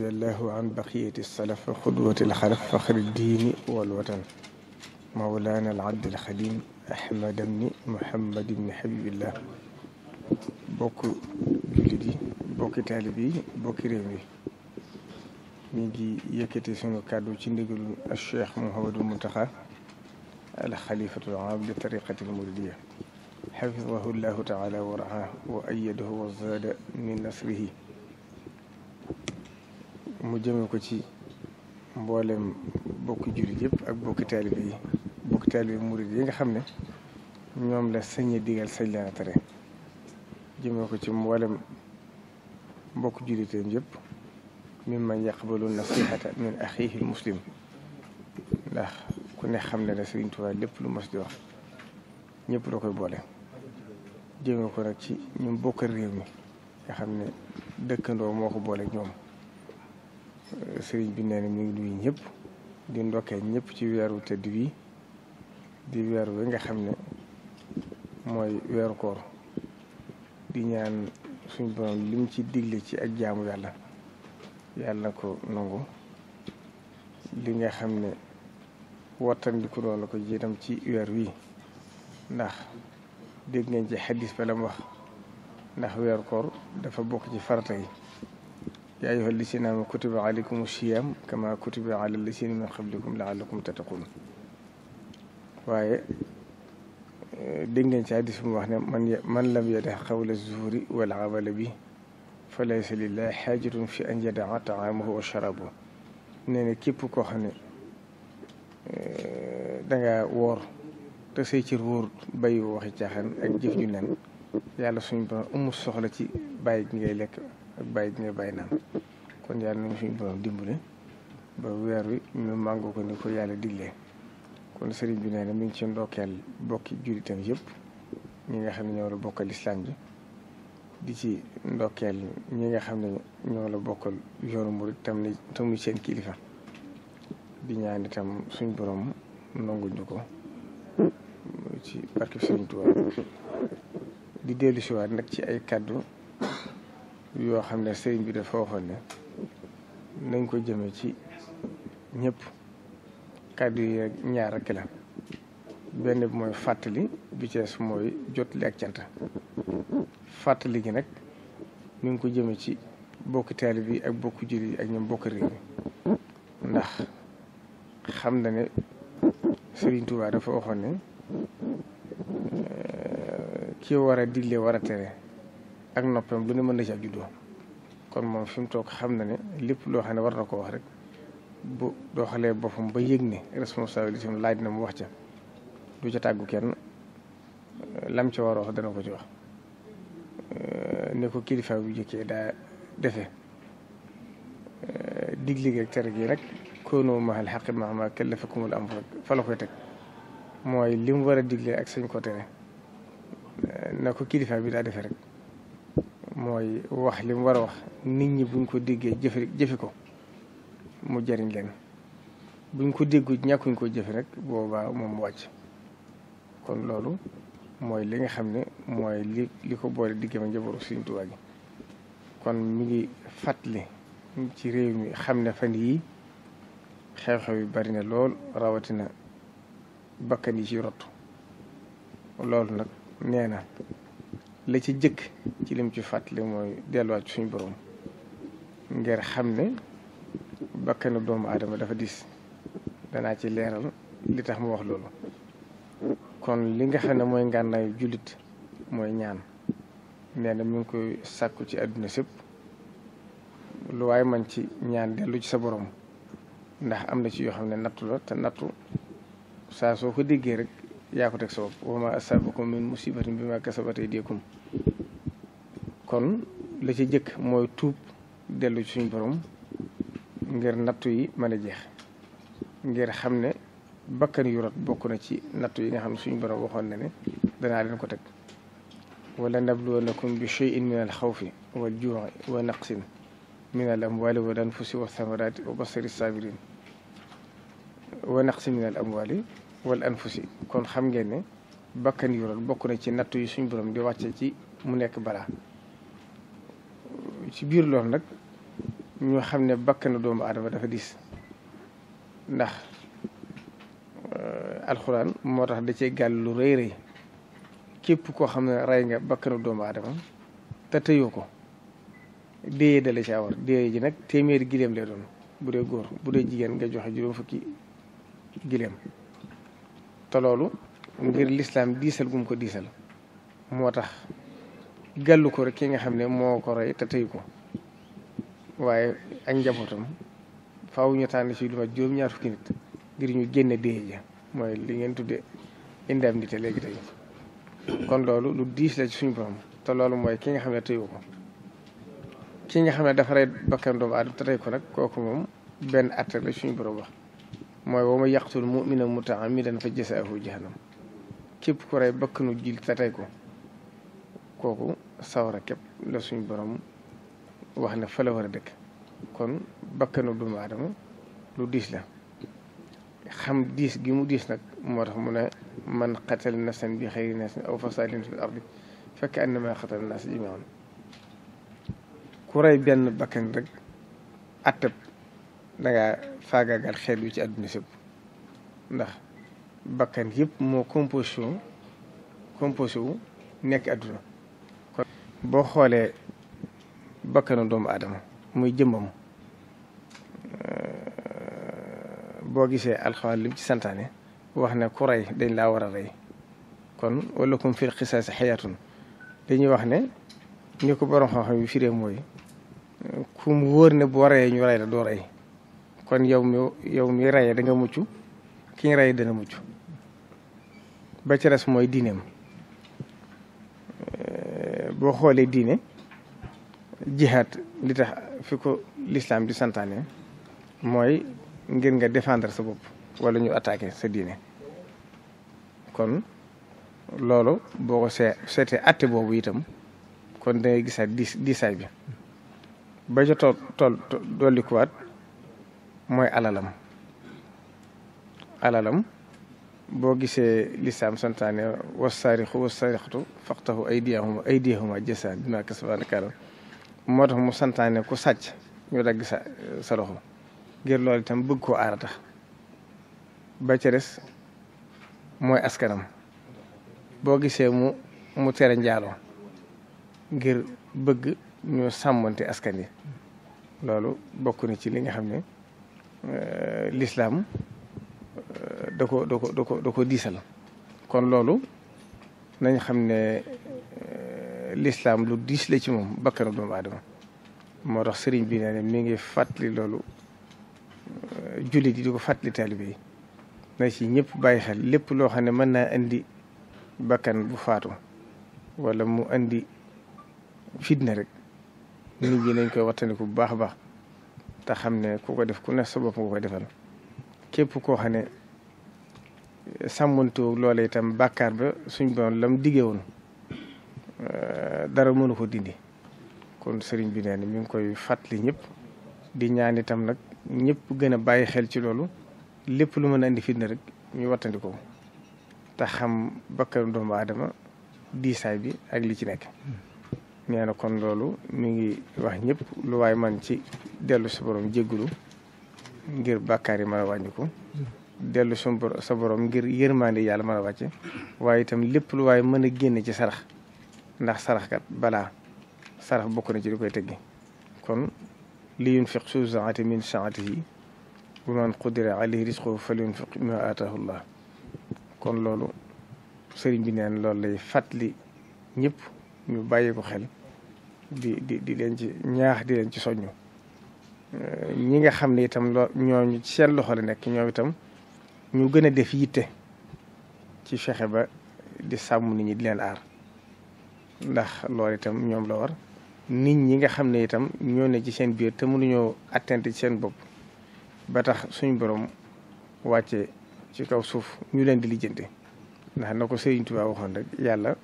رضي الله عن بقية السلف قدوة الخلف فخر الدين والوطن مولانا العبد الخليم أحمد بن محمد بن حبيب الله بوكو جلدي بوكي تالبي بوكي ريمي نيجي يكتي سنو كادو تندقل الشيخ محمد المنتخى الخليفة العام لطريقة المردية حفظه الله تعالى ورعاه وأيده وزاد من نصره mu jëme ko ci mboolem bokki jullit yëpp ak bokki taalibe yi bokki taalibe murid yi nga xam ne ñoom la sañe digal sañ leen a tere jëme ko ci mboolem bokki julliteem yëpp mimman yaqbalu nasihata min axihi al muslim ndax ku ne xam ne ne Sëriñ Tuubaa lépp lu mos di wax ñëpp da koy boole jëme ko nag ci ñu bokk réew mi nga xam ne dëkkandoo moo ko boole ñoom sëriñ bi nee na mu ngi ñëpp di ndokkee ñëpp ci weeru tëdd wi di weer wi nga xam ne mooy weeru koor di ñaan suñ borom lim ci digle ci ak jaamu yàlla yàlla ko nangu li nga xam ne wattandiku la ko jiitam ci weer wi ndax dégg ngeen ci xaddis ba wax ndax weeru koor dafa bokk ci farata yi يا أيها الذين آمنوا كتب عليكم الصيام كما كتب على الذين من قبلكم لعلكم تتقون واي دينغن سي حديث مو من من لم يدع قول الزور والعمل به فليس لله حاجة في أن يدع طعامه وشرابه نني كيب كو خاني آه، داغا وور تا سي تي وور بايو واخي تياخان اك جيف جو نان يالا ak bàyyi dina bàyyi naan kon yàlla nañu suñu borom dimbale ba weer wi ñu màngoo ko ni ko yàlla digle kon sëriñ bi nee na mi ngi ci ndokkeel bokki jullitam yëpp ñi nga xam ne ñoo la bokkal lislaam bi di ci ndokkeel ñi xam ne ñoo la bokkal yoonu murit tam ni tamuy seen kilifa di ñaan itam suñ borom nanguñu ko ci barke Sëriñ Tuubaa di dellu siwaat nag ci ay kàddu yoo xam ne sëriñ bi dafa waxoon ne nañ ko jëme ci ñëpp kàddu yi ñaar ak la benn bi mooy fàttali bi cees mooy jot li ak cant fàttali gi nag ñu ko jëme ci bokki taalib yi ak bokki jur yi ak ñoom bokki réew mi ndax xam na ne Sëriñ Tuubaa dafa waxoon ne eh, ki war a digle war a tere ak noppam lu ne mën na ci ak juddoo kon moom fi mu toog xam na ne lépp loo xam ne war na ko wax rek bu doxalee boppam ba yëg ne responsabilité am laaj na mu wax ca du ca tàggu kenn lam ca war a dana ko ci wax ne ko kilifa bu daa defe digle gi ak tere gi rek koonoo mahal xaqi mahma kallafakumul amr rek fa la koy teg mooy li mu war a digle ak sañ ko tere na ko kilifa bi daa defe rek mooy wax li mu war a wax nit ñi buñ ko diggee jëfe jëfe ko mu jariñ leen buñ ko déggu ñàkkuñ ko jëfe rek boobaa moom mu wàcc kon loolu mooy li nga xam ne mooy li li ko boole digge ma njabootu Sëriñ Tuubaa gi kon mu ngi fàttali ci réew mi xam ne fan yii xew-xew yi bari na lool rawatina bakkan yi ci rot loolu nag nee na la ci jëkk ci lim ci fàttali mooy delluwaat suñu borom ngir xam ne bakkanu doomu aadama dafa diis danaa ci leeral li tax mu wax loolu kon li nga xam ne mooy ngànnaayu jullit mooy ñaan nee na mi ngi koy sàkku ci àdduna sépp lu waaye man ci ñaan dellu ci sa borom ndax am na ci yoo xam ne nattu la te nattu saa soo ko déggee rek yaa ko teg sa bopp wa ma bi min musibatin bima kasabat aydikum kon la ci jëk moy tuub delu ci suñu borom ngir nattu yi mëna a jeex ngir xamne bakkan yu rat bokku na ci nattu yi nga xamne suñu borom waxon na ne dana leen ko tek wala nabluwannakum bi shay'in min al khawfi wal jui wa naqsin min al amwali wal anfusi wa thamarati wa basiri sabirin wa naqsin min al amwali wal anfusi kon xam ngeen ne bakkan yu rot bokk na ci nattu yi suñu borom di wàcce ci mu ci biir loolu nag ñoo xam ne na doomu adama dafa diis ndax euh, alxuraan moo tax da cee gàll lu rëy képp koo xam ne rey nga na doomu aadama te tëyoo ko déyee dale ci awar déyee ji nag téeméeri gileem lay doon bu dee góor bu dee jigéen nga joxe juróom fukki gileem te loolu ngir lislaam diisal gum ko diisal moo tax gàllu ko rek ki nga xam ne moo ko rey te tëyu ko waaye ak njabootam faw ñu tànn si lu ma juróom-ñaar fukki nit ngir ñu génn dee ja mooy li ngeen tudde indemnité léegi tey kon loolu lu diis la ci suñu borom te loolu mooy ki nga xam ne tëyu ko kii nga xam ne dafa rey bakkan doomu te tey ko nag kooku moom benn at la suñu borom wax mooy wa ma yaqtul mu'mina mutaamidan fa jasaahu jahannam képp ku rey bakkanu jil te tey ko kooku sawara képp la suñ borom wax ne fa la war a dëkk kon bakkanu doomu aadama lu diis la xam diis gi mu diis nag moo tax mu ne man xatal nafsan bi xëyri nafsin aw fasaadin fil ardi fekk annama xatal naas jamiian ku rey benn bakkan rek attëb dangaa faagaagal xeet wi ci àdduna sépp ndax bakkan yëpp moo composé composé wu nekk àdduna boo xoolee bakkanu doomu aadama muy jëmmam euh, boo gisee alxuraan lim ci santaane wax ne ku rey dañ laa war a rey kon wala kum fil xisaasi xayaatun dañuy wax ne ni ko borom xam-xam yi firee mooy ku mu wóor ne boo reyee ñu rey la doo rey kon yow mi yow mi reyee da nga mucc ki ñu reyee dana mucc ba ci res mooy diineem boo xoolee diine jihaat li tax fi ko lislaam di santaane mooy ngir nga défendre sa bopp wala ñu attaqué sa diine kon loolu boo ko see seetee atte boobu itam kon da ngay gisaat diisaay bi ba ca tool tool dolli kuwaat mooy alalam alalam boo gisee lislaam santaane wasaarixu wasaarixatu faqtahu aydiyahuma aydiyahuma jasa bima kasabana kaaram moo tax mu santaane ku sàcc ñu dagg sa sa loxo ngir loolu itam bëgg koo aar ba ca mooy askanam boo gisee mu mu tere njaaloo ngir bëgg ñu sàmmante askan yi loolu bokk na ci li nga xam ne euh, lislaam da ko da ko da ko da ko diisal kon loolu nañ xam ne euh, lislaam lu diis la ci moom bakkanu doomu aadama moo tax sëriñ bi nee ne mi ngi fàttali loolu euh, jullit yi di ko fàttali taalibe yi na ci ñëpp bàyyi xel lépp loo xam ne mën naa indi bakkan bu faatu wala mu indi fitna rek nit ñi nañ koy wattandiku bu baax a baax te xam ne ku ko def ku ne sa bopp nga koy defal képp koo xam ne sàmmantewu loola itam bàkkaar ba suñ borom lam diggee woon euh, dara mënu ko dindi kon sëriñ bi nee na mi ngi koy fàttali ñëpp di ñaan itam nag ñëpp gën a bàyyi xel ci loolu lépp lu mën a indi fitna rek ñu wattandi ko te xam bakkan doomu aadama diisaay bi ak li ci nekk hmm. nee kon loolu mu ngi wax ñëpp lu waay man ci dellu si boroom jéggulu ngir bàkkaar yi mën a wàññiku dellu suñu sa borom ngir yërmande yàlla man a wàcce waaye itam lépp lu waaye mën a génne ci sarax ndax sarax kat balaa sarax bokk na ci di koy teggi kon li yunfiq su saati min saatihi bu man qudira alayhi li fal yunfiq ma aatahu llah kon loolu sëriñ bi neen loolu lay fàttali ñëpp ñu bàyyi ko xel di di di leen ci ñaax di leen ci soññu ñi nga xam ne itam loo ñooñu ci seen loxo la nekk ñoom itam ñu gën a def yitte ci fexe ba di sàmm nit ñi di leen aar ndax loolu itam ñoom la war nit ñi nga xam ne itam ñoo ne ci seen biir te mënuñoo atteinte ci seen bopp ba tax suñu borom wàcce ci kaw suuf ñu leen di lijjante ndax na ko Sëriñ Tuubaa waxoon rek yàlla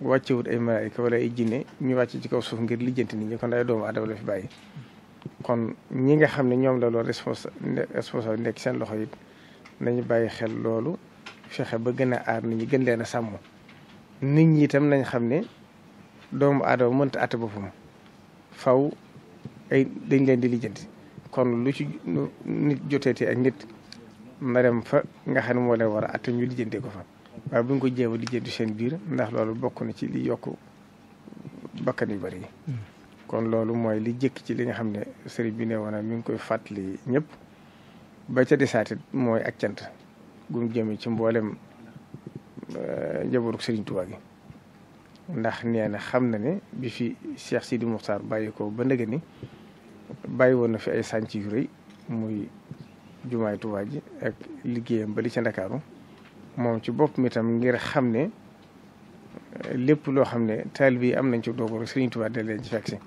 wàccewut ay malaayika wala ay jinne ñu wàcce ci kaw suuf ngir lijjante nit ñi kon ay doomu aadama la fi bàyyi kon ñi nga xam ne ñoom la loolu responsable nekk seen loxo it nañu bàyyi xel loolu fexe ba gën a aar nit ñi gën leen a sàmm nit ñi itam nañ xam ne doomu aadama mënta àtte boppam faw ay dañ leen di lijjanti kon lu ci nit joteeti ak nit na fa nga xam ne moo leen war a àtte ñu lijjantee ko fa waaye bu ñu ko jéem a lijjanti seen biir ndax loolu bokk na ci li yokk bakkan yu bari yi hmm. kon loolu mooy li jëkk ci li nga xam ne sëriñ bi ne woon mi ngi koy fàttali ñëpp ba ca desaatit mooy ak cant gum jëme ci mboolem euh, njabootu sëriñ Tuubaa gi ndax nee xam na ne bi fi Cheikh Sidi Muxtaar bàyyi ko ba ndëgë ni bàyyi woon na fi ay sànc yu rëy muy jumaay Tuubaa ji ak liggéeyam ba li ca Ndakaaru moom ci bopp mi tam ngir xam ne lépp loo xam ne taalibe yi am nañ ci doobu rek sëriñ Tuubaa da leen ci fekk si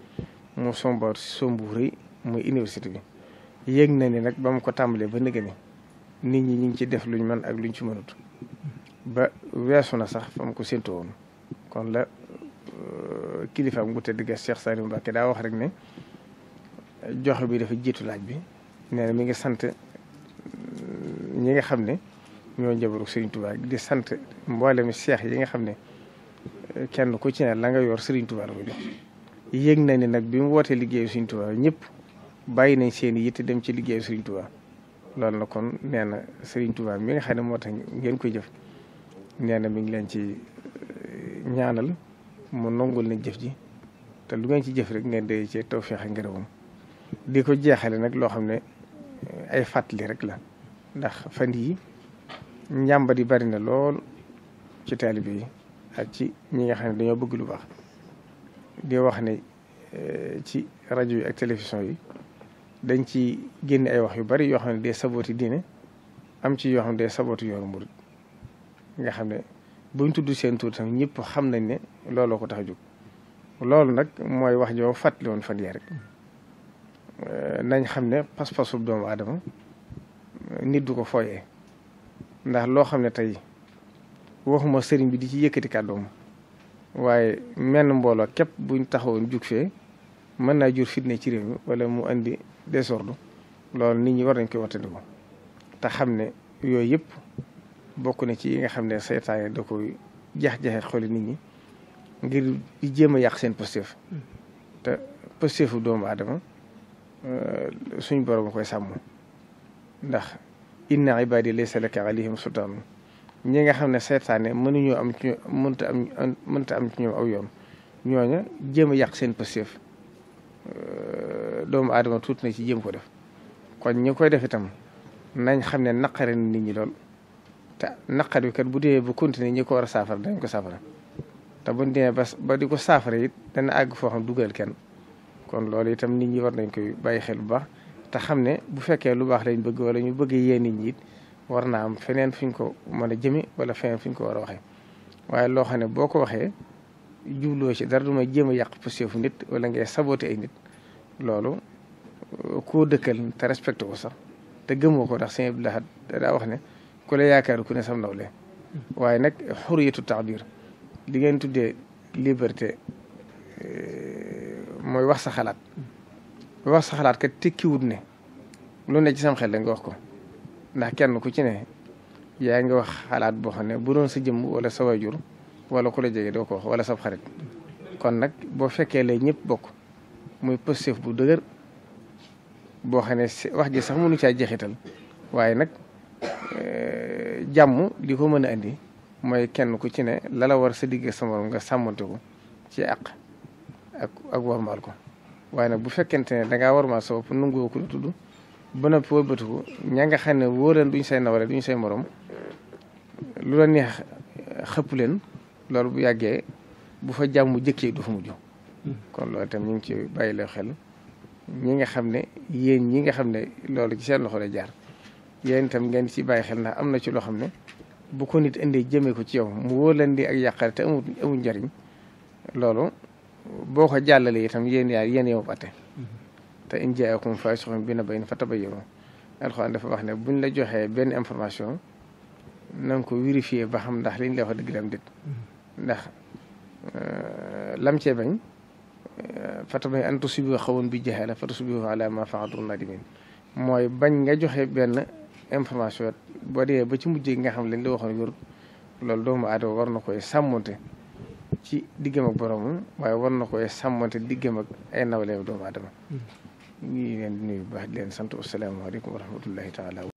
mu somboor sombuuri muy université bi yëg na ni nag ba mu ko tàmbalee ba ni nit ñi ñu ngi ci def luñ mën ak luñ ci mënut ba weesu na sax fa mu ko séntu woon kon la euh, kilifaam bu tëdd ga Cheikh Saliou ke daa wax rek ne joxe bi dafa jiitu laaj bi nee na mi ngi sant euh, ñi nga xam ne ñoo njabaru Serigne Touba di sant mboole mboolem seex yi nga xam ne kenn ku ci ne la nga yor Serigne Touba la ko yëg na ne nag bi mu wootee liggéeyu Sëriñ Tuubaa ñëpp bàyyi nañ seen yitte dem ci liggéey Sëriñ Tuubaa loolu na kon nee na Sëriñ Tuubaa mi nga xam ne moo tax ngeen koy jëf nee na mi ngi leen ci eh, ñaanal mu nongul nañ jëf ji te lu ngeen ci jëf rek ngeen day ci tawfeex ak ngërëmam di ko jeexale nag loo xam ne eh, ay fàttali rek la ndax fan yi njàmbat yi bari na lool ci taalibe yi ak ci ñi ne dañoo bëgg lu baax di wax ne euh, ci rajo yi ak télévision yi dañ ci génne ay wax yu bari yoo xam ne day sabooti diine am ci yoo xam ne day sabooti yoonu murid nga xam ne buñ tudd seen tuur tamit ñëpp xam nañ ne looloo ko tax a jóg loolu nag mooy wax joo fàttali woon fan yii rek euh, nañ xam ne pas-pasu doomu aadama nit du ko fooyee ndax loo xam ne tey waxuma sëriñ bi di ci yëkkati kàddoom waaye menn mbooloo képp buñ taxawoon jug fee mën naa jur fitne ci réew mi wala mu indi désordre loolu nit ñi war nañ koy wattandiku te xam ne yooyu yëpp bokk na ci yi nga xam ne seytaane da koy jax-jaxe xoli nit ñi ngir di jéem a yàq seen positif te positifu doomu aadama euh, suñ borom koy sàmm ndax inna ibadi laysa laka alayhim sultaan ñi nga xam ne seetaane mënuñoo am ci mënta am mënta am ci ñoom aw yoon ñooña jéem a yàq seen pëstéef doomu adama tuuti na ci jéem ko def kon ñi koy def itam nañ xam ne naqari nit ñi lool te naqar bi kat bu dee bu continuer ñi ko war a saafara dañ ko saafara te buñ demee ba ba di ko saafara it dana àgg foo xam dugal kenn kon loolu itam nit ñi war nañ koy bàyyi xel bu baax te xam ne bu fekkee lu baax lañ bëgg wala ñu bëgg yee nit ñi it war naa am feneen fi ñu ko mën a jëme wala feneen fi ñu ko war a waxee waaye loo xam ne boo ko waxee jubloo ci dara du may jéem a yàq positif nit wala ngay saboté ay nit loolu euh, koo dëkkal te respecté ko sax te gëmoo ko ndax sëñ Abdul Ahad daa wax ne ku la yaakaar ku ne sam nawle waaye nag xuriyatu taabir li ngeen tuddee liberté euh, mooy wax sa xalaat wax sa xalaat kat tekkiwut ne lu ne ci sam xel nga wax ko ndax kenn ku ci ne yaa ngi wax xalaat boo xam ne bu doon sa jëmm wala sa waajur wala ku la jege doo ko wax wala sa xarit kon nag boo fekkee lay ñëpp bokk muy positif bu dëgër boo xam ne wax ji sax mënu caa jeexital waaye nag eh, jàmm li ko mën a indi mooy kenn ku ci ne lala war sa digg sa morom nga sàmmante ko ci àq ak ak warmaal ko waaye nag bu fekkente ne dangaa warmaal sa bopp nungu ko tudd ba noppi wëlbatiku ña nga xam ne wóor leen duñ say naware duñ say morom lu la neex xëpp leen loolu bu yàggee bu fa jàmm mu jëkkee du fa mujj. kon loolu itam ñu ngi ci bàyyi la xel ñi nga xam ne yéen ñi nga xam ne loolu ci seen loxo la jaar yéen itam ngeen ci bàyyi xel ndax am na ci loo xam ne bu ko nit indee jëmee ko ci yow mu wóor ak yàqare te amul amul njariñ loolu boo ko jàllalee itam yéen yaay yéen yow te in jaakum faasiqun bi naba'in fatabayyanu alxuraan dafa wax ne buñ la joxee benn information na ko vérifier ba xam ndax liñ la wax dëgg la am ndax euh, lam cee bañ euh, fatabay an tusibu xawoon bi jahala fa tusibu ala ma fa'alu nadimin mooy bañ nga joxe benn information boo dee ba ci mujjee nga xam lañ la waxoon wér loolu doomu aadama war na koy sàmmante ci diggam ak boromam waaye war na koy sàmmante diggam ak ay nawleem doomu aadama ñu ngi leen di nuyu bu baax di leen sant wasalaamaaleykum wa rahmatullahi taala